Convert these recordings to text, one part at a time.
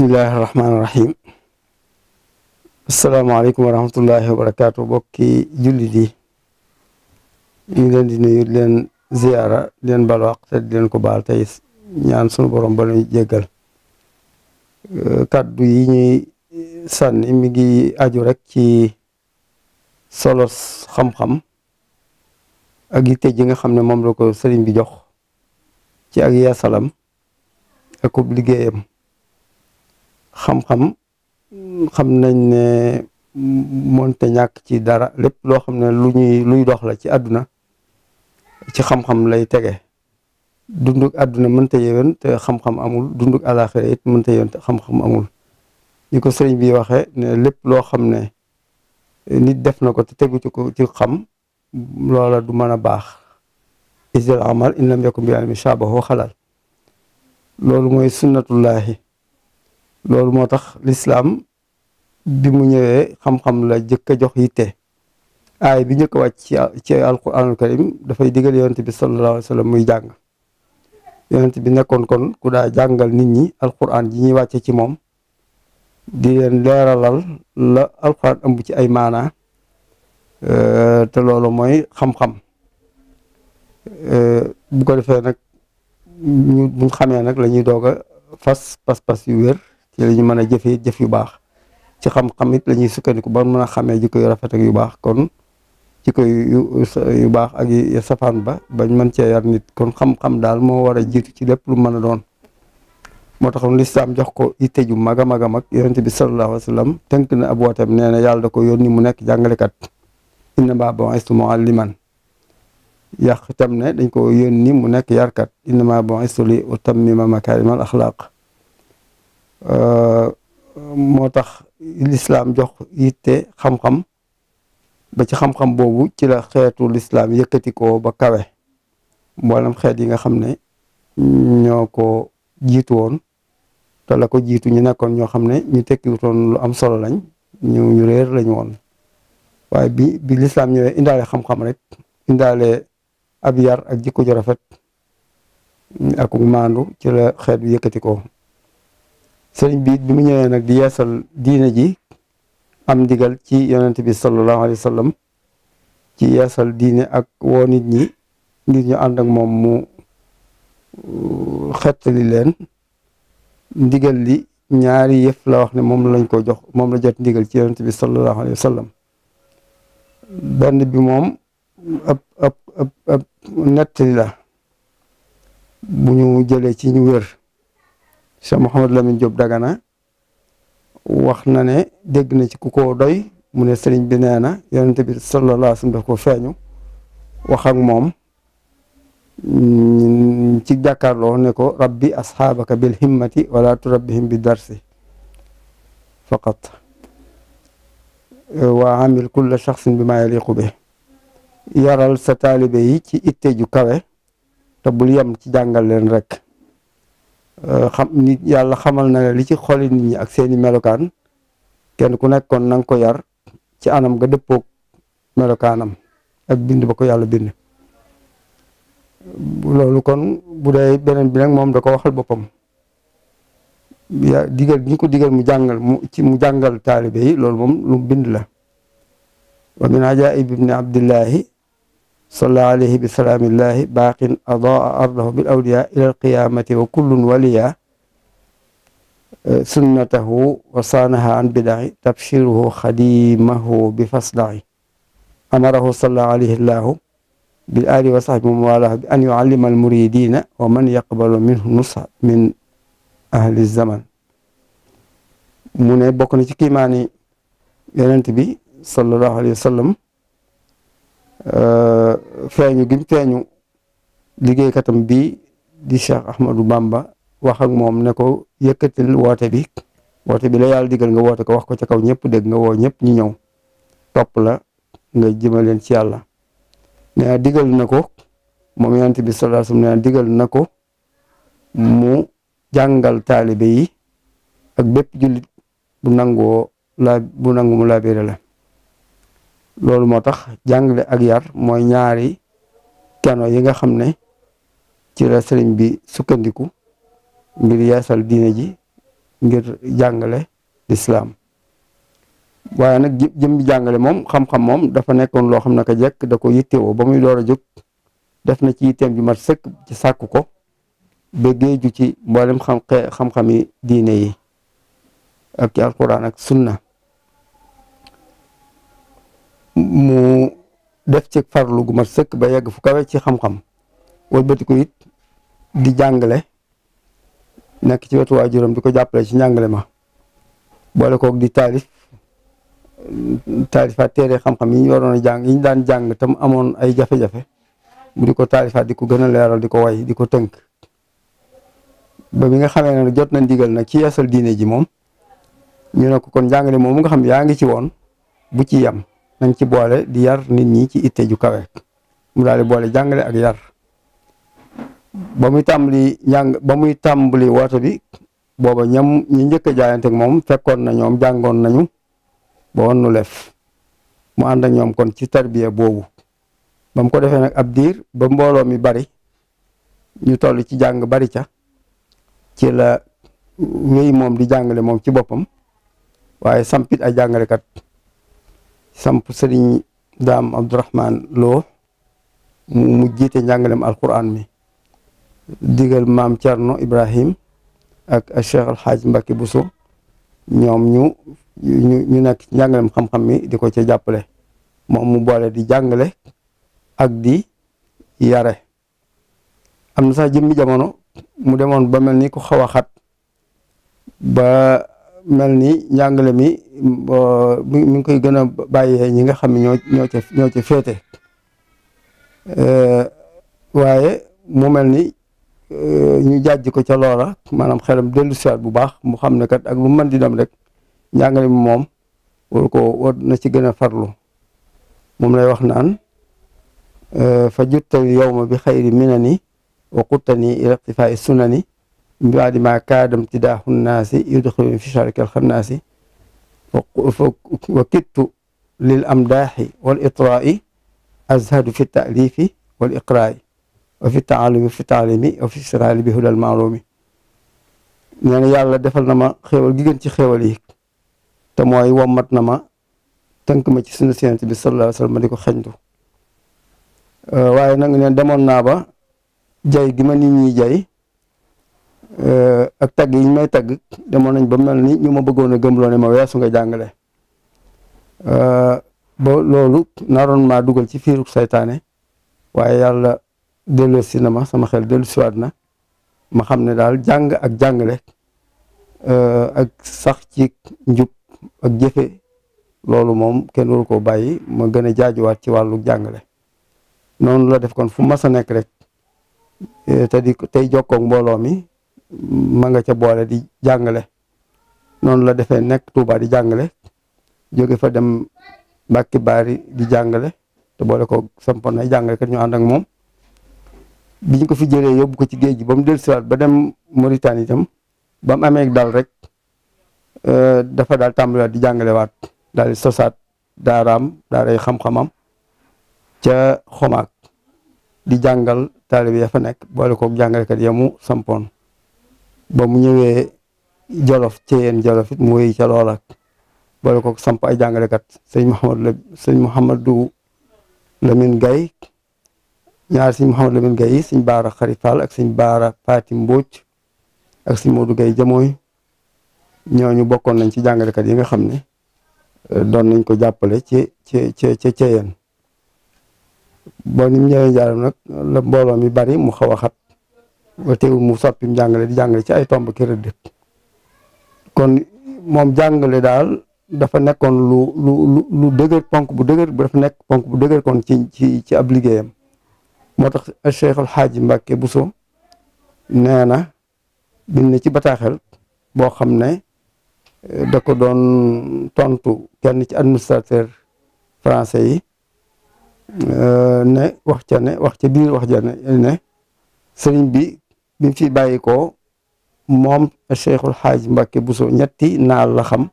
bismillahi rahmaani rahim asalaamaaleykum wa rahmatullahi wa barakaatu bokki jullit yi ñu ngi leen di nuyu di leen ziyaara di leen balwaq te leen ko baal tey ñaan sunu borom ba ñu jéggal euh, kàddu yi ñuy sànni mi ngi aju rek ci solos xam-xam ak yitte ji nga xam ne moom la ko sëriñ bi jox ci ak yasalam akub liggéeyam xam-xam xam nañ ne moonte ñàkk ci dara lépp loo xam ne lu ñuy luy dox la ci àdduna ci xam-xam lay tege dunduk àdduna mënta yéwén te xam-xam amul dunduk àlaaxira it mënta yéwén te xam-xam amul ni ko sëriñ bi waxee ne lépp loo xam ne nit def na ko te tegu ci ko ci xam loola du mën a baax isil amal in lam yakun bi almi shaabahu xalal loolu mooy sunnatullahi loolu moo tax lislaam bi mu ñëwee xam-xam la jëkk a jox yitte aay bi njëkk wàcc ci ci alquranul karim dafay digal yonent bi sallallahu alayhi wa muy jàng yonent bi nekkoon kon ku daa jàngal nit ñi alquran ji ñuy wàcce ci moom di leen leeralal la alquran ëmb ci ay maana euh, te loolu mooy xam-xam euh, bu ko defee nag ñu xamee nag la ñuy doog a fas yu wér ci la ñu mën a jëfee jëf yu baax ci xam-xam it la ñuy sukkandiku ba mën a xamee jikko yu rafet yu baax kon jikko yu yu baax ak yu safaan ba bañ mën cee yar nit kon xam-xam daal moo war a jiitu ci lépp lu mën a doon moo tax taxoon lislaam jox ko itte ju mag a mag a mag yonent bi sallallahu alayhi wa sallam tënk na ab wooteem nee na yàlla da ko yónni mu nekk jàngalekat inna maa bu'istu mu'alliman yàq tam ne dañ ko yónni mu nekk yarkat inna maa bu'istu li utammima makaarimal axlaaq Euh, moo tax lislaam jox yitte xam-xam ba ci xam-xam boobu ci la xeetu lislaam yëkkatikoo ba kawe mboolem xeet yi nga xam ne ñoo ko jiitu woon te la ko jiitu ñu nekkoon ñoo xam ne ñu tekkiwutoon lu am solo lañ ñu ñu réer lañ woon waaye bi bi lislaam ñëwee indaale xam-xam rek indaale ab yar ak jikko ju rafet ak maandu ci la xeet bu yëkkati ko sëriñ biit bi mu ñëwee nag di yeesal diine ji am ndigal ci yonent bi sallallahu alayhi wa sallam ci yeesal diine ak woo nit ñi ngir ñu ànd ak moom mu uh, xettali leen ndigal li ñaari yëf la wax ne moom lañ ko jox moom la jot ndigal ci yonent bi sallallahu alayhi wa sallam benn bi moom ab ab ab ab nettali la bu ñu jëlee ci ñu wér Cheikh Mouhamadou Lamine Diop Dagana wax na ne dégg na ci ku ko doy mu ne sëriñ bi nee na yonent feeñu wax moom ci jàkkaarloo ne ko rabbi asxaabaka bil himmati wala turabbihim bi darsi faqat waa amil kulla shaxsin bi maa yaliqu bi yaral sa taalibe yi ci itte ju kawe te bul yem ci jàngal leen rek xam nit yàlla xamal na li ci xoli nit ñi ak seeni melokaan kenn ku nekk kon na ko yar ci anam ga dëppoog melokaanam ak bind ba ko yàlla bind loolu kon bu dee beneen bi nag moom da ko waxal boppam ya digal ñi ko digal mu jàngal mu ci mu jàngal taalibe loolu moom lu bind la wa min ajaa'ib ibni abdillahi salla alayhi bi salaamillahi baaqin adaa ardahu bil awliya ila alqiyamati wa kullun waliya sunnatahu wa saanaha an bidaci tabshiruhu xadimahu bi fasdaci amarahu salla alayhi llahu bil ali wa saxbi man walahu bi an yuallima almuridina wa man yaqbalu minhu nusa min ahli zaman mu ne bokk na ci kiimaani yonent bi sallallahu alayhi wa sallam Euh, feeñu gi mu feeñu liggéeykatam bi di Cheikh Ahmadou Bamba wax ak moom ne ko yëkkatil woote bi woote bi la yàlla digal nga woote ko wax ko ca kaw ñëpp dégg nga woo ñëpp ñu ñëw topp la nga jëmaleen ci yàlla nee digal na ko moom bi sallallahu alayhi wasallam na ko mu jàngal taalibe yi ak bépp jullit bu nangoo la bu nangu mu laabire la loolu moo tax jàngale ak yar mooy ñaari keno yi nga xam ne ci bi sukkandiku ngir yeesal diine ji ngir jàngale lislaam waaye nag jëm jàngale moom xam-xam moom dafa nekkoon loo xam ne ka jekk da ko yittewoo ba muy door a jóg def na ci yitteem ju mat sek ci sàkku ko ba géeju ci mboolem xam xam-xami diine yi ak ci alquran ak sunna mu def ci farlu gu mat sëkk ba yegg fu kawe ci xam-xam wëlbatiku it di jàngale nekk ci wetu waajuram di ko jàppale ci njàngale ma boole kook di taalif taalifaat téere xam-xam yi waroon a jàng yi daan jàng tam amoon ay jafe-jafe mu di ko taalifaat di ko gën a leeral di ko way di ko tënk ba bi nga xamee ne jot na ndigal nag ci yeesal diine ji moom ñu ne ko kon njàngale moom mu nga xam yaa ngi ci woon bu ci yem nañ ci boole di yar nit ñi ci itte ju kawe mu daal di boole jàngale ak yar ba muy tàmbali njàng bi booba ñam ñi njëkk a jaayante ak moom fekkoon na ñoom jàngoon nañu ba woon nu lef mu ànd ñoom kon ci tarbiya boobu ba mu ko defee nag ab diir ba mbooloo mi bari ñu toll ci jàng bari ca ci la wéy moom di jàngale moom ci boppam waaye sampit ay jàngalekat samp sëriñ daam abdourahman loo mu mu jiite njàngalem alquran mi digal maam Thierno Ibrahim ak Cheikh El Hadj Mbacke Bousso ñoom ñu ñu ñu nekk njàngalem xam-xam mi di ko ca jàppale moom mu boole di jàngale ak di yare am na sax jëmmi jamono mu demoon ba mel ni ku xaw a xat ba mel ni njàngale mi mi ngi koy gën a bàyyee ñi nga xam ne ñoo ñoo ca ñoo ca féete euh, waaye mu mel ni euh, ñu jàjj ko ca loola maanaam xelam dellu siwaat bu baax mu xam ne kat ak lu mën di dem rek njàngale mi moom war ko war na ci gën a farlu moom lay wax naan euh, fa juttani yowma bi xayri minani wa quttani ila iqtifaa sunani min baadi ma kaadam tidaahu nnaasi yudxiluni fi sharikal xannaasi wa kittu lil azhadu fi taalifi wal iqraa'i wa fi taalumi fi taalimi wa bi hudal maalumi yàlla defal na ma xéewal gi gën ci xéewal yi te mooy wommat na ma tënk ma ci sunna Yonent bi sallallahu alayhi wa sallam ma neen demoon naa ba jay gi ma nit ñi jay Eh, ak tagg yi ñu may tagg demoon nañ ba mel ni ñu ma bëggoon a gëmloo loone ma weesu nga jàngale eh, ba loolu naroon maa dugal ci fiiru seytaane waaye yàlla delloosi na ma sama xel delloosiwaat na ma xam ne daal jàng ak jàngale eh, ak sax ci njub ak jëfe loolu moom kenn waru koo bàyyi ma gën a jaajuwaat ci wàllu jàngale noonu la def kon fu mas a nekk rek te di tey jokkook mbooloo mi ma nga ca boole di jàngale noonu la defee nekk tuubaa di jàngale jóge fa dem Mbàkke Baari di jàngale te boole ko sampoon ay jàngalekat ñu ànd ak moom biñ ko fi jëlee yóbbu ci géej gi ba mu dellusiwaat ba dem Mauritanie itam ba mu amee dal rek euh, dafa daal tàmbaliwaat di jàngalewaat daal di sosaat daaraam daaray xam-xamam ca xomaak di jàngal taalib ya fa nekk boole kook jàngalekat ya mu sampoon ba mu ñëwee jolof ceyeen jolof it mu wéy ca loola boole ko samp ay jàngalekat sëñ Mouhamadou la sëñ Mouhamadou Lamine Gaye ñaar sëñ Mouhamadou Lamine Gaye yi sëñ Baara Xarifal ak sëñ Baara Faati Mbóoj ak sëñ Modou Gaye jamooy ñooñu bokkoon nañ ci jàngalekat yi nga xam ne euh, doon nañ ko jàppale ci ci ci ci ceyeen boo ni mu ñëwee njaaram nag la mi bari mu xaw a xat ba teewul mu soppi mu jàngale di jàngale ci ay tomb ki rëdd kon moom jàngale daal dafa nekkoon lu lu lu dëgër ponk bu dëgër bu dafa nekk ponk bu dëgër kon ci ci ci ab liggéeyam moo tax Cheikh El Hadj Mbacke Bousso nee na bind ci bataaxel boo xam ne eh, da ko doon tontu kenn ci administrateur français yi eh, ne wax ca ne wax ca biir wax ja ne sëriñ bi bi mu fi bàyyi ko moom Cheikhul Xaaj Mbàkke Buso ñetti naal la xam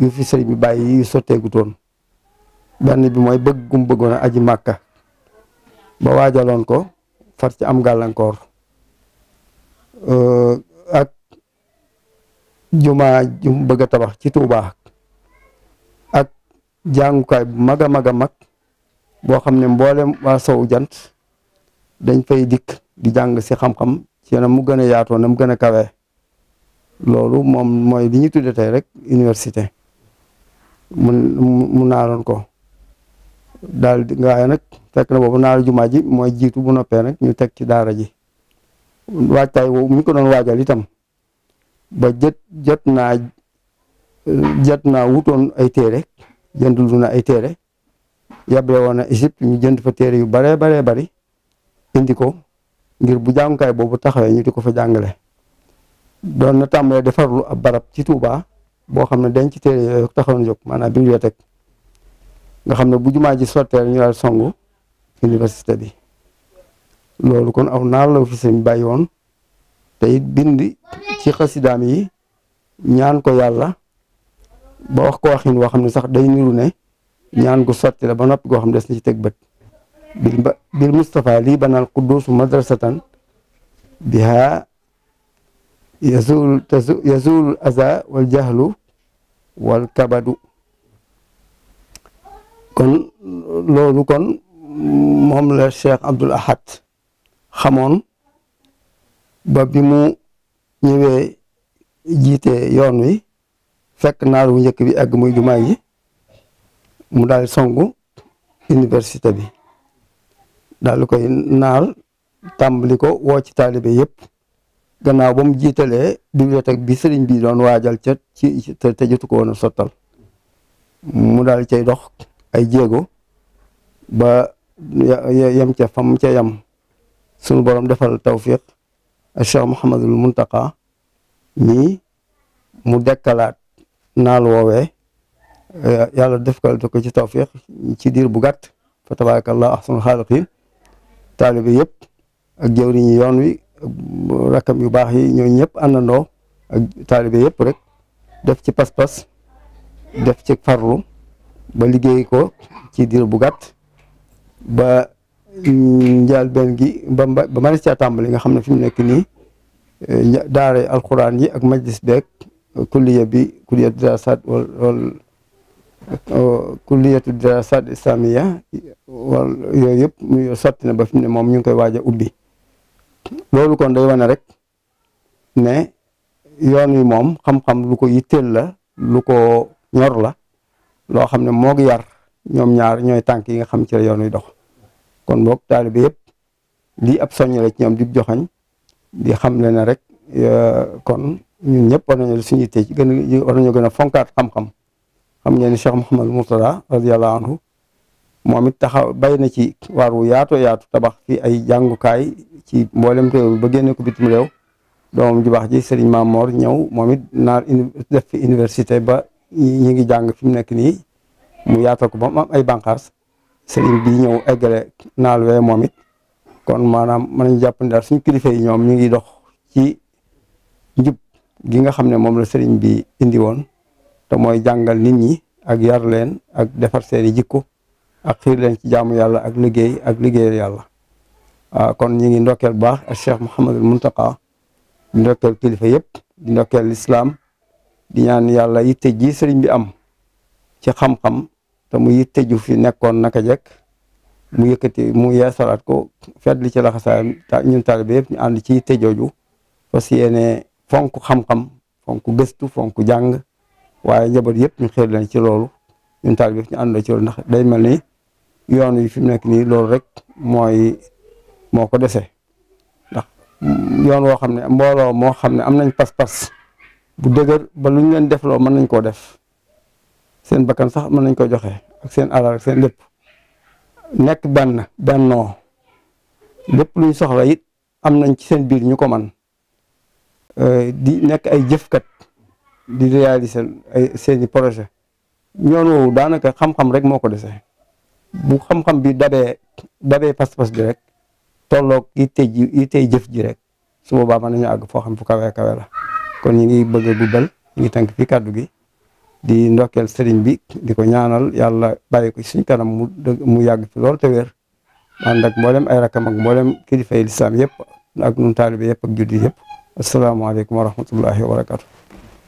yu fi sëriñ bi bàyyi yu sotteegu toon benn bi mooy bëgg gum bëggoon a aji màkka ba waajaloon ko far ci am gàllankoor ak jumaa jum bëgg a tabax ci Tuubaa ak jàngukaay bu mag a mag a mag boo xam ne mboolem waa sow jant dañ fay dikk di jàng si xam-xam ci na mu gën a yaatoo na mu gën a kawee loolu moom mooy li ñu tudde rek université mu mu naaroon ko daal di waaye nag fekk na boobu naaru jumaa ji mooy jiitu bu noppee nag ñu teg ci daara ji waajtaay woowu ñu ko doon waajal itam ba jot jot naa jot naa wutoon ay téere jënd lu na ay téere yable woon na Égypte ñu jënd fa téere yu baree baree bari indi ko ngir bu jàngukaay boobu taxawee ñu di ko fa jàngale doon na tàmbalee defarlu ab barab ci Touba boo xam ne dañ ci téere yooyu taxawoon jóg maanaam bibliothèque nga xam ne bu jumaa ji sotteel ñu daal songu université bi loolu kon aw naar la fi sëñ bàyyi woon te it bind ci xasidaam yi ñaan ko yàlla ba wax ko waxin woo xam ne sax day niru ne ñaan ko sotti la ba noppi goo xam ne des na ci teg bët bil Mustafa lii banal qudduusu madrasatan biha yazul yazul aza wal jahlu wal kabadu kon loolu kon moom la Cheikh Abdul Ahad xamoon ba bi mu ñëwee jiite yoon wi fekk naar wu njëkk bi egg mu jumaa ji mu daal songu université bi daal di koy naal tàmbali ko woo ci taalibe yëpp gannaaw ba mu jiitalee bibliothèque bi sëriñ bi doon waajal ca ci te jotu ko woon a sottal mu daal cay dox ay jéego ba yem ca fam ca yam sunu borom defal tawfiq Cheikh Mouhamadul Muntaqa mi mu dekkalaat naal woowee yàlla defkal ko ci tawfiq ci diir bu gàtt fa tabarakallah ahsanul xaaliqin taalibe yëpp ak jëwriñu yoon wi rakkam yu baax yi ñoo ñëpp àndandoo ak taalibe yëpp rek def ci pas-pas def ci farlu ba liggéey ko ci diir bu gàtt ba njaal benn gi ba ba mën tàmbali nga xam ne fi mu nekk nii eh, daara alxuraan yi ak majlis beeg kulliya bi kulliya diraasaat kulliyatu dirasat islamia wal yooyu yëpp mu sotti na ba fi moom ñu ngi koy waaj ubbi loolu kon day wane rek ne yoon wi moom xam-xam lu ko yitteel la lu ko ñor la loo xam ne moog yar ñoom ñaar ñooy tànk yi nga xam ci la yoon wi dox kon boog taalibe yëpp lii ab soññ la ñoom di joxañ di xam le ne rek euh, kon ñun ñëpp war nañu suñu yitte ci gën a war gën a fonkaat xam-xam xam ngeen ni Cheikh Mouhamadou Mourtada radiyallahu anhu moom it taxaw bay na ci waar wu yaatu yaatu tabax fi ay jàngukaay ci mboolem réew mi ba génne ko bitim réew doomam ju baax ji Serigne Mamor ñëw moom it naar def fi université ba ñi ngi jàng fi mu nekk nii mu yaato ko ba mu ay bànqaas Serigne bi ñëw eggale naal wee moom it kon maanaam mën nañu jàpp ne daal suñu kilifa yi ñoom ñu ngi dox ci njub gi nga xam ne moom la Serigne bi indi woon. te mooy jàngal nit ñi ak yar leen ak defar seeni jikko ak xiir leen ci jaamu yàlla ak liggéey ak liggéey yàlla ah, kon ñu ngi ndokkeel bu baax ak Cheikh Mouhamadul Mountakha di ndokkeel kilifa yëpp di ndokkeel lislaam di ñaan yàlla yitte ji sëriñ bi am ci xam-xam te mu yitte ju fi nekkoon naka jekk mu yëkkati mu yeesalaat ko fet ci laxasaayam ñun yëpp ñu ànd ci yitte jooju fas yéene fonk xam-xam fonk gëstu fonk jàng waaye njaboot yépp ñu xel leen ci loolu ñun taal bi ñu àndoo ci loolu ndax day mel ni yoon wi fi mu nekk nii loolu rek mooy moo ko dese ndax yoon woo xam ne mbooloo moo xam ne am nañ pas-pas bu dëgër ba lu ñu leen def loo mën nañ koo def seen bakkan sax mën nañ koo joxe ak seen alal ak seen lépp nekk benn bennoo lépp lu ñu soxla it am nañ ci seen biir ñu ko man euh, di nekk ay jëfkat di réaliser ay seen i projet yoon woowu daanaka xam-xam rek moo ko dese bu xam-xam bi dabee dabee pas-pas bi rek tolloog yitte ji yitte jëf ji rek su boobaa mën nañu àgg foo xam fu kawe kawe la kon ñu ngi bëgg a guddal ngi tànk fi kàddu gi di ndokel sëriñ bi di ko ñaanal yàlla bàyyi ko suñ kanam mu mu yàgg fi lool te wér ànd ak mboolem ay rakam ak mboolem kilifay lislaam yëpp ak nun taalibe yëpp ak juddi yëpp asalaamaaleykum wa rahmatullahi wa barakatu